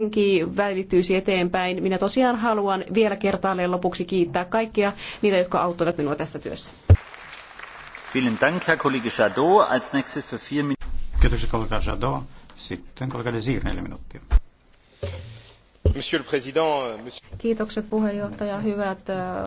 henki välittyisi eteenpäin. Minä tosiaan haluan vielä kertaalleen lopuksi kiittää kaikkia niitä, jotka auttoivat minua tässä työssä. Kiitoksia kollega Jadot. Sitten kollega Desir, neljä minuuttia. Monsieur le Président, euh, monsieur... Kiitokset puheenjohtaja, hyvät